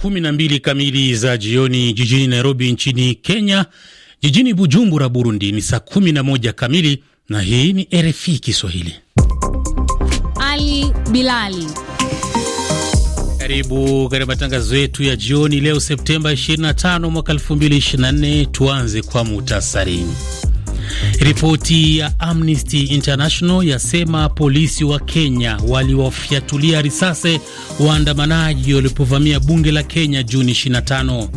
kumi saa mbili kamili za jioni jijini Nairobi nchini Kenya. Jijini Bujumbura Burundi ni saa 11 kamili, na hii ni RFI Kiswahili. Ali Bilali, karibu katika matangazo yetu ya jioni leo Septemba 25 mwaka 2024. Tuanze kwa muhtasari Ripoti ya Amnesty International yasema polisi wa Kenya waliwafyatulia risasi waandamanaji walipovamia bunge la Kenya Juni 25.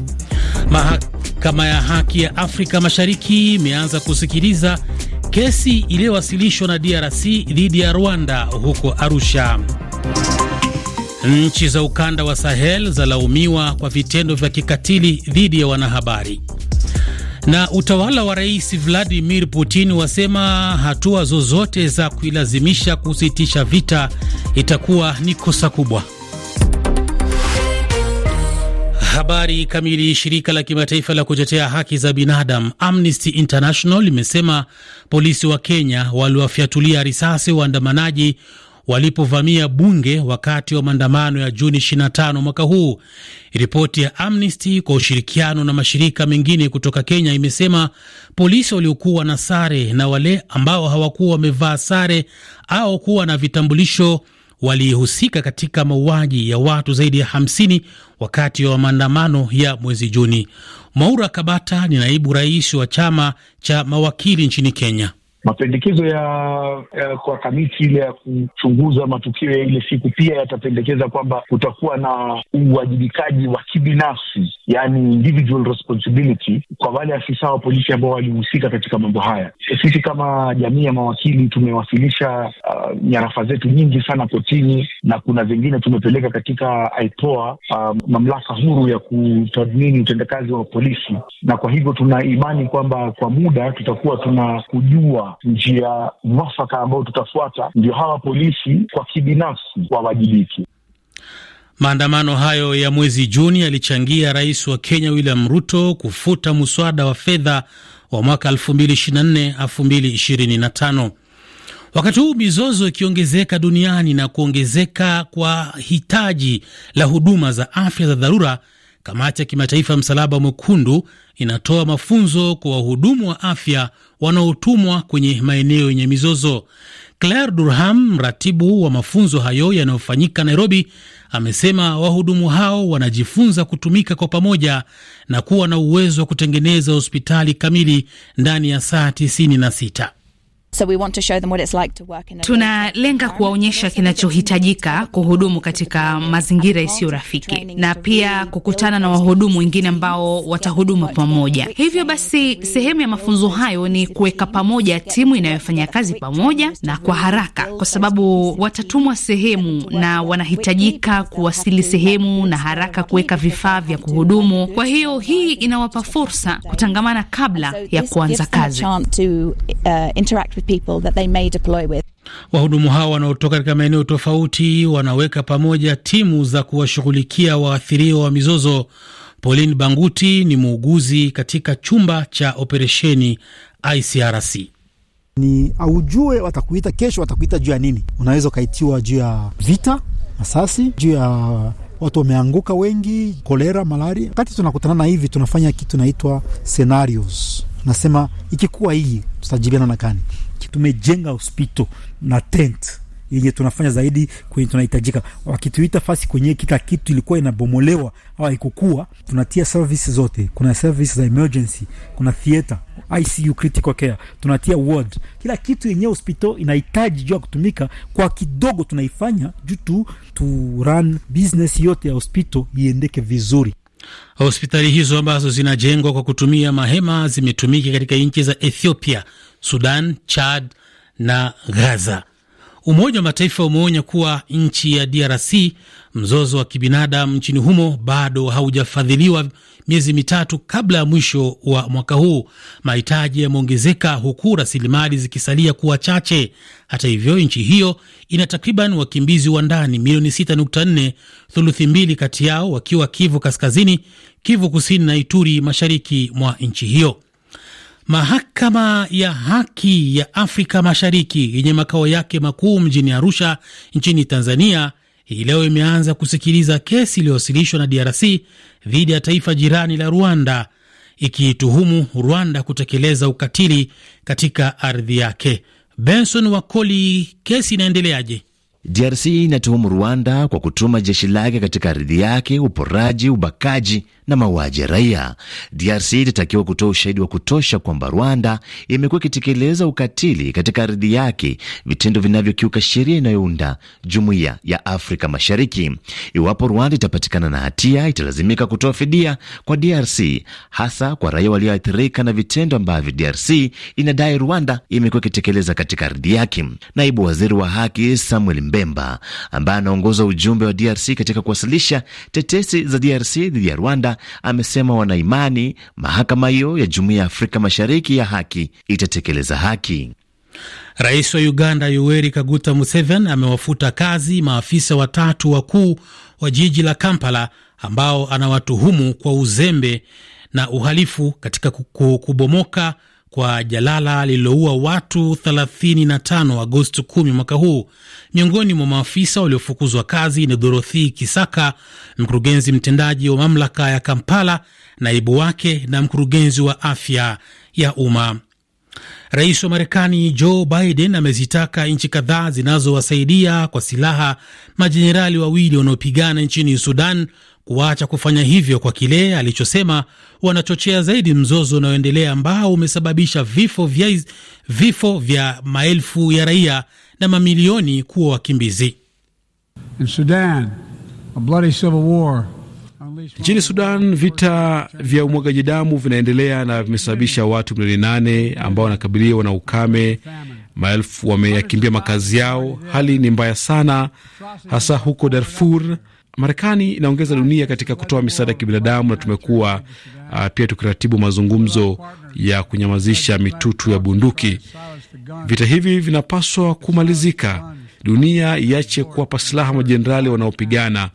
Mahakama ya Haki ya Afrika Mashariki imeanza kusikiliza kesi iliyowasilishwa na DRC dhidi ya Rwanda huko Arusha. Nchi za ukanda wa Sahel zalaumiwa kwa vitendo vya kikatili dhidi ya wanahabari. Na utawala wa Rais Vladimir Putin wasema hatua zozote za kuilazimisha kusitisha vita itakuwa ni kosa kubwa. Habari kamili. Shirika la kimataifa la kutetea haki za binadamu Amnesty International limesema polisi wa Kenya waliwafyatulia risasi waandamanaji walipovamia bunge wakati wa maandamano ya Juni 25 mwaka huu. Ripoti ya Amnesty kwa ushirikiano na mashirika mengine kutoka Kenya imesema polisi waliokuwa na sare na wale ambao hawakuwa wamevaa sare au kuwa na vitambulisho walihusika katika mauaji ya watu zaidi ya 50 wakati wa maandamano ya mwezi Juni. Mwaura Kabata ni naibu rais wa chama cha mawakili nchini Kenya. Mapendekezo ya, ya kwa kamiti ile ya kuchunguza matukio ya ile siku pia yatapendekeza kwamba kutakuwa na uwajibikaji wa kibinafsi yani individual responsibility kwa wale afisa wa polisi ambao walihusika katika mambo haya. Sisi kama jamii ya mawakili tumewasilisha uh, nyarafa zetu nyingi sana kotini, na kuna zingine tumepeleka katika IPOA, uh, mamlaka huru ya kutathmini utendakazi wa polisi, na kwa hivyo tuna imani kwamba kwa muda tutakuwa tuna kujua njia mwafaka ambayo tutafuata ndio hawa polisi kwa kibinafsi wawajibike. Maandamano hayo ya mwezi Juni yalichangia rais wa Kenya William Ruto kufuta mswada wa fedha wa mwaka 2024 2025. Wakati huu mizozo ikiongezeka duniani na kuongezeka kwa hitaji la huduma za afya za dharura, kamati ya kimataifa ya Msalaba Mwekundu inatoa mafunzo kwa wahudumu wa afya wanaotumwa kwenye maeneo yenye mizozo. Claire Durham, mratibu wa mafunzo hayo yanayofanyika Nairobi, amesema wahudumu hao wanajifunza kutumika kwa pamoja na kuwa na uwezo wa kutengeneza hospitali kamili ndani ya saa 96. So we want to show them what it's like to work in a tunalenga kuwaonyesha kinachohitajika kuhudumu katika mazingira isiyo rafiki na pia kukutana na wahudumu wengine ambao watahuduma pamoja. Hivyo basi, sehemu ya mafunzo hayo ni kuweka pamoja timu inayofanya kazi pamoja na kwa haraka, kwa sababu watatumwa sehemu na wanahitajika kuwasili sehemu na haraka kuweka vifaa vya kuhudumu. Kwa hiyo hii inawapa fursa kutangamana kabla ya kuanza kazi with people that they may deploy with. Wahudumu hao wanaotoka katika maeneo tofauti wanaweka pamoja timu za kuwashughulikia waathiriwa wa mizozo. Pauline Banguti ni muuguzi katika chumba cha operesheni ICRC. Ni aujue watakuita kesho, watakuita juu ya nini? Unaweza ukaitiwa juu ya vita, masasi, juu ya watu wameanguka wengi, kolera, malaria. Wakati tunakutana na hivi, tunafanya kitu naitwa scenarios, nasema ikikuwa hii tutajibiana na kani tumejenga hospital na tent yenye tunafanya zaidi kwenye tunahitajika, wakituita fasi kwenye kila kitu ilikuwa inabomolewa au haikukua, tunatia service zote. Kuna service za emergency, kuna theater, ICU, critical care, tunatia ward, kila kitu yenye hospital inahitaji juu ya kutumika kwa kidogo tunaifanya juu tu tu run business yote ya hospital iendeke vizuri. Hospitali hizo ambazo zinajengwa kwa kutumia mahema zimetumika katika nchi za Ethiopia, Sudan, Chad na Gaza. Umoja wa Mataifa umeonya kuwa nchi ya DRC, mzozo wa kibinadamu nchini humo bado haujafadhiliwa miezi mitatu kabla ya mwisho wa mwaka huu. Mahitaji yameongezeka huku rasilimali zikisalia kuwa chache. Hata hivyo, nchi hiyo ina takriban wakimbizi wa ndani milioni 6.4, thuluthi mbili kati yao wakiwa Kivu Kaskazini, Kivu Kusini na Ituri, mashariki mwa nchi hiyo. Mahakama ya Haki ya Afrika Mashariki yenye makao yake makuu mjini Arusha nchini Tanzania hii leo imeanza kusikiliza kesi iliyowasilishwa na DRC dhidi ya taifa jirani la Rwanda ikiituhumu Rwanda kutekeleza ukatili katika ardhi yake. Benson Wakoli, kesi inaendeleaje? DRC inatuhumu Rwanda kwa kutuma jeshi lake katika ardhi yake, uporaji, ubakaji na mauaji ya raia. DRC itatakiwa kutoa ushahidi wa kutosha kwamba Rwanda imekuwa ikitekeleza ukatili katika ardhi yake, vitendo vinavyokiuka sheria inayounda jumuiya ya Afrika Mashariki. Iwapo Rwanda itapatikana na hatia, italazimika kutoa fidia kwa DRC, hasa kwa raia walioathirika na vitendo ambavyo DRC inadai Rwanda imekuwa ikitekeleza katika ardhi yake. Naibu waziri wa haki Samuel Mbemba ambaye anaongoza ujumbe wa DRC katika kuwasilisha tetesi za DRC dhidi ya Rwanda amesema wanaimani mahakama hiyo ya Jumuiya ya Afrika Mashariki ya haki itatekeleza haki. Rais wa Uganda Yoweri Kaguta Museveni amewafuta kazi maafisa watatu wakuu wa jiji la Kampala ambao anawatuhumu kwa uzembe na uhalifu katika kubomoka kwa jalala lililoua watu 35 Agosti 10 mwaka huu. Miongoni mwa maafisa waliofukuzwa kazi ni Dorothy Kisaka, mkurugenzi mtendaji wa mamlaka ya Kampala, naibu wake na mkurugenzi wa afya ya umma. Rais wa Marekani Joe Biden amezitaka nchi kadhaa zinazowasaidia kwa silaha majenerali wawili wanaopigana nchini Sudan kuacha kufanya hivyo kwa kile alichosema wanachochea zaidi mzozo unaoendelea ambao umesababisha vifo vya, vifo vya maelfu ya raia na mamilioni kuwa wakimbizi. In Sudan, a Nchini Sudan, vita vya umwagaji damu vinaendelea na vimesababisha watu milioni nane ambao wanakabiliwa na ukame. Maelfu wameyakimbia makazi yao. Hali ni mbaya sana, hasa huko Darfur. Marekani inaongeza dunia katika kutoa misaada ya kibinadamu na tumekuwa uh, pia tukiratibu mazungumzo ya kunyamazisha mitutu ya bunduki. Vita hivi vinapaswa kumalizika. Dunia iache kuwapa silaha majenerali wanaopigana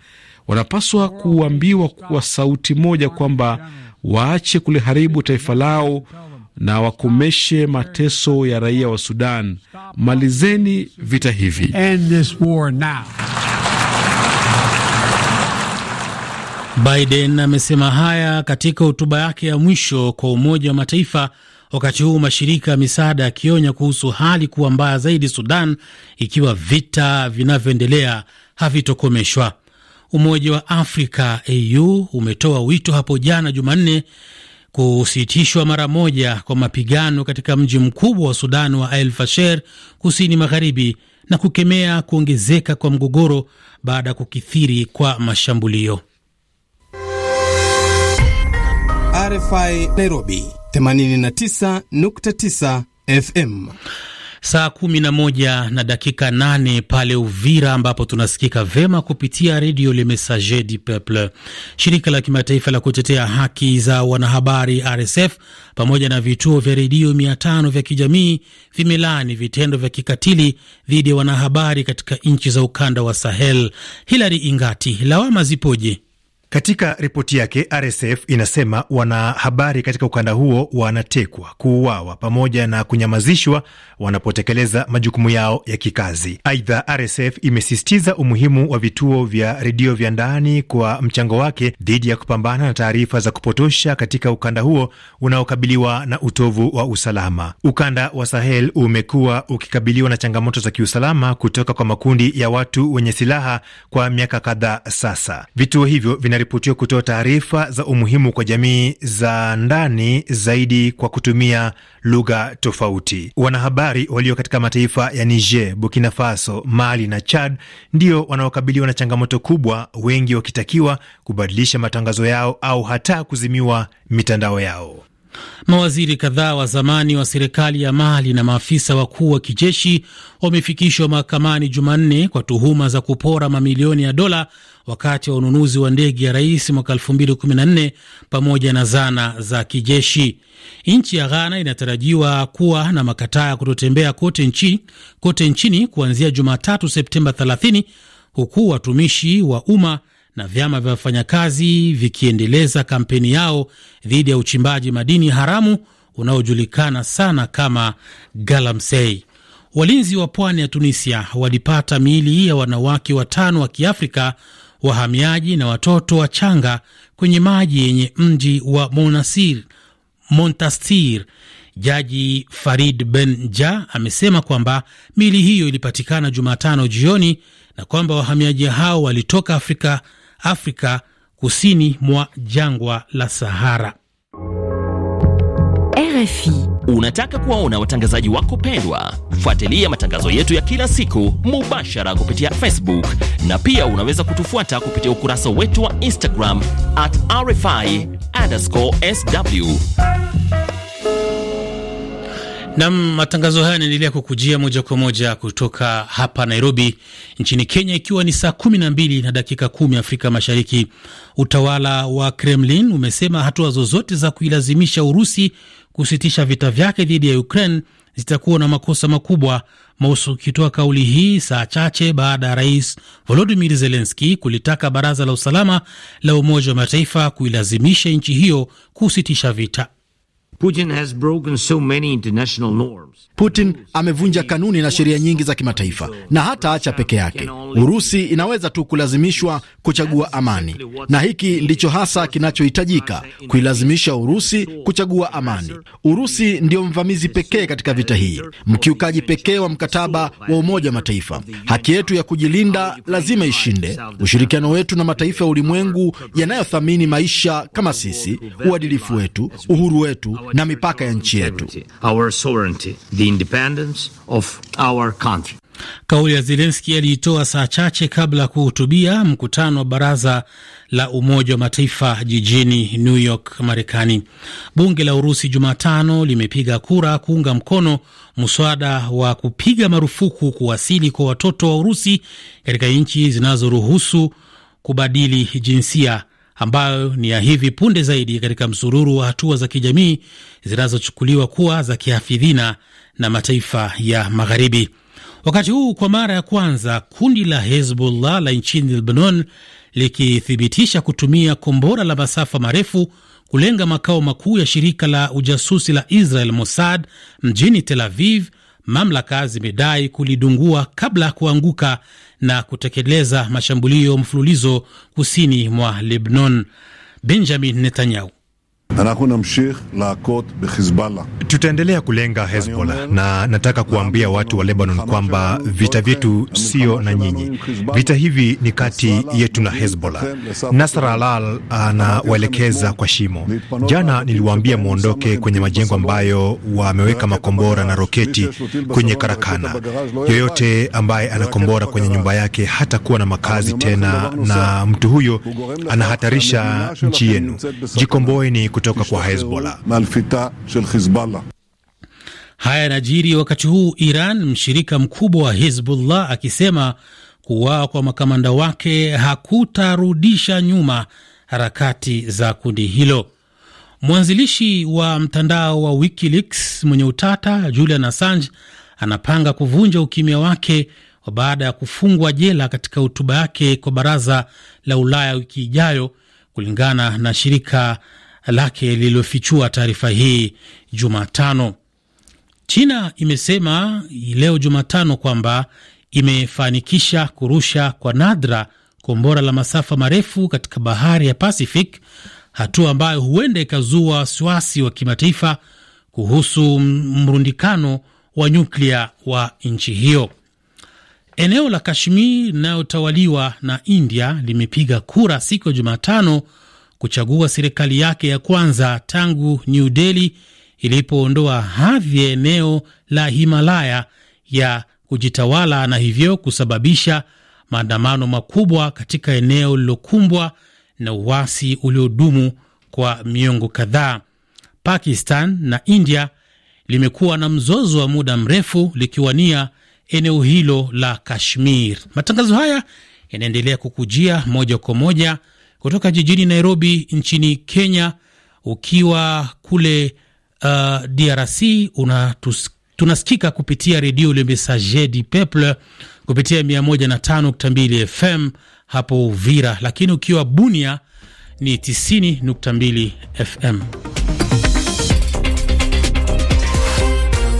wanapaswa kuambiwa kwa sauti moja kwamba waache kuliharibu taifa lao na wakomeshe mateso ya raia wa Sudan. Malizeni vita hivi. Biden amesema haya katika hotuba yake ya mwisho kwa Umoja wa Mataifa, wakati huu mashirika ya misaada yakionya kuhusu hali kuwa mbaya zaidi Sudan ikiwa vita vinavyoendelea havitokomeshwa. Umoja wa Afrika AU umetoa wito hapo jana Jumanne kusitishwa mara moja kwa mapigano katika mji mkubwa wa Sudan wa El Fasher kusini magharibi na kukemea kuongezeka kwa mgogoro baada ya kukithiri kwa mashambulio. RFI Nairobi 89.9 FM. Saa kumi na moja na dakika nane pale Uvira, ambapo tunasikika vema kupitia redio Le Messager du Peuple. Shirika la kimataifa la kutetea haki za wanahabari RSF pamoja na vituo vya redio mia tano vya kijamii vimelaani vitendo vya kikatili dhidi ya wanahabari katika nchi za ukanda wa Sahel. Hilary Ingati, lawama zipoje? Katika ripoti yake RSF inasema wanahabari katika ukanda huo wanatekwa, kuuawa pamoja na kunyamazishwa wanapotekeleza majukumu yao ya kikazi. Aidha, RSF imesisitiza umuhimu wa vituo vya redio vya ndani kwa mchango wake dhidi ya kupambana na taarifa za kupotosha katika ukanda huo unaokabiliwa na utovu wa usalama. Ukanda wa Sahel umekuwa ukikabiliwa na changamoto za kiusalama kutoka kwa makundi ya watu wenye silaha kwa miaka kadhaa sasa. Vituo hivyo vina inaripotiwa kutoa taarifa za umuhimu kwa jamii za ndani zaidi kwa kutumia lugha tofauti. Wanahabari walio katika mataifa ya Niger, Burkina Faso, Mali na Chad ndio wanaokabiliwa na changamoto kubwa, wengi wakitakiwa kubadilisha matangazo yao au hata kuzimiwa mitandao yao. Mawaziri kadhaa wa zamani wa serikali ya Mali na maafisa wakuu wa kijeshi wamefikishwa mahakamani Jumanne kwa tuhuma za kupora mamilioni ya dola wakati wa ununuzi wa ndege ya rais mwaka 2014 pamoja na zana za kijeshi. Nchi ya Ghana inatarajiwa kuwa na makataa ya kutotembea kote nchini, kote nchini kuanzia Jumatatu Septemba 30 huku watumishi wa umma na vyama vya wafanyakazi vikiendeleza kampeni yao dhidi ya uchimbaji madini haramu unaojulikana sana kama galamsey. Walinzi wa pwani ya Tunisia walipata miili ya wanawake watano wa Kiafrika wahamiaji na watoto wachanga kwenye maji yenye mji wa Monastir, Montastir. Jaji Farid ben ja amesema kwamba mili hiyo ilipatikana Jumatano jioni na kwamba wahamiaji hao walitoka Afrika, Afrika kusini mwa jangwa la Sahara. RFI. Unataka kuwaona watangazaji wako pendwa? Fuatilia matangazo yetu ya kila siku mubashara kupitia Facebook na pia unaweza kutufuata kupitia ukurasa wetu wa Instagram at RFI underscore sw. Nam, matangazo haya yanaendelea kukujia moja kwa moja kutoka hapa Nairobi nchini Kenya, ikiwa ni saa kumi na mbili na dakika kumi Afrika Mashariki. Utawala wa Kremlin umesema hatua zozote za kuilazimisha Urusi kusitisha vita vyake dhidi ya Ukraine zitakuwa na makosa makubwa, Mosu ukitoa kauli hii saa chache baada ya rais volodimir zelenski kulitaka baraza la usalama la Umoja wa Mataifa kuilazimisha nchi hiyo kusitisha vita. Putin has broken so many international norms. Putin amevunja kanuni na sheria nyingi za kimataifa na hata acha peke yake. Urusi inaweza tu kulazimishwa kuchagua amani, na hiki ndicho hasa kinachohitajika, kuilazimisha Urusi kuchagua amani. Urusi ndiyo mvamizi pekee katika vita hii, mkiukaji pekee wa mkataba wa Umoja wa Mataifa. Haki yetu ya kujilinda lazima ishinde. Ushirikiano wetu na mataifa ya ulimwengu yanayothamini maisha kama sisi, uadilifu wetu, uhuru wetu na mipaka ya nchi yetu the independence of our country. Kauli ya Zelenski aliitoa saa chache kabla ya kuhutubia mkutano wa baraza la Umoja wa Mataifa jijini New York, Marekani. Bunge la Urusi Jumatano limepiga kura kuunga mkono mswada wa kupiga marufuku kuwasili kwa watoto wa Urusi katika nchi zinazoruhusu kubadili jinsia ambayo ni ya hivi punde zaidi katika msururu wa hatua za kijamii zinazochukuliwa kuwa za kihafidhina na mataifa ya Magharibi. Wakati huu kwa mara ya kwanza kundi la Hezbollah la nchini Lebanon likithibitisha kutumia kombora la masafa marefu kulenga makao makuu ya shirika la ujasusi la Israel Mossad mjini Tel Aviv, mamlaka zimedai kulidungua kabla ya kuanguka na kutekeleza mashambulio mfululizo kusini mwa Lebanon. Benjamin Netanyahu Tutaendelea kulenga Hezbollah na nataka kuambia watu wa Lebanon kwamba vita vyetu sio na nyinyi. Vita hivi ni kati yetu na Hezbollah. Nasr Alal ah, anawaelekeza kwa shimo. Jana niliwaambia mwondoke kwenye majengo ambayo wameweka makombora na roketi kwenye karakana. Yoyote ambaye anakombora kwenye nyumba yake hatakuwa na makazi tena, na mtu huyo anahatarisha nchi yenu. Jikomboeni kutoka kwa Hezbollah. Haya yanajiri wakati huu Iran, mshirika mkubwa wa Hizbullah, akisema kuuawa kwa makamanda wake hakutarudisha nyuma harakati za kundi hilo. Mwanzilishi wa mtandao wa WikiLeaks mwenye utata Julian Assange anapanga kuvunja ukimya wake baada ya kufungwa jela katika hotuba yake kwa baraza la Ulaya wiki ijayo, kulingana na shirika lake lililofichua taarifa hii Jumatano. China imesema leo Jumatano kwamba imefanikisha kurusha kwa nadra kombora la masafa marefu katika bahari ya Pacific, hatua ambayo huenda ikazua wasiwasi wa kimataifa kuhusu mrundikano wa nyuklia wa nchi hiyo. Eneo la Kashmir linayotawaliwa na India limepiga kura siku ya Jumatano kuchagua serikali yake ya kwanza tangu New Delhi ilipoondoa hadhi ya eneo la Himalaya ya kujitawala na hivyo kusababisha maandamano makubwa katika eneo lililokumbwa na uasi uliodumu kwa miongo kadhaa. Pakistan na India limekuwa na mzozo wa muda mrefu likiwania eneo hilo la Kashmir. Matangazo haya yanaendelea kukujia moja kwa moja kutoka jijini Nairobi nchini Kenya. Ukiwa kule uh, DRC tunasikika kupitia redio Le Messager du Peuple kupitia 105.2 FM hapo Uvira, lakini ukiwa Bunia ni 90.2 FM.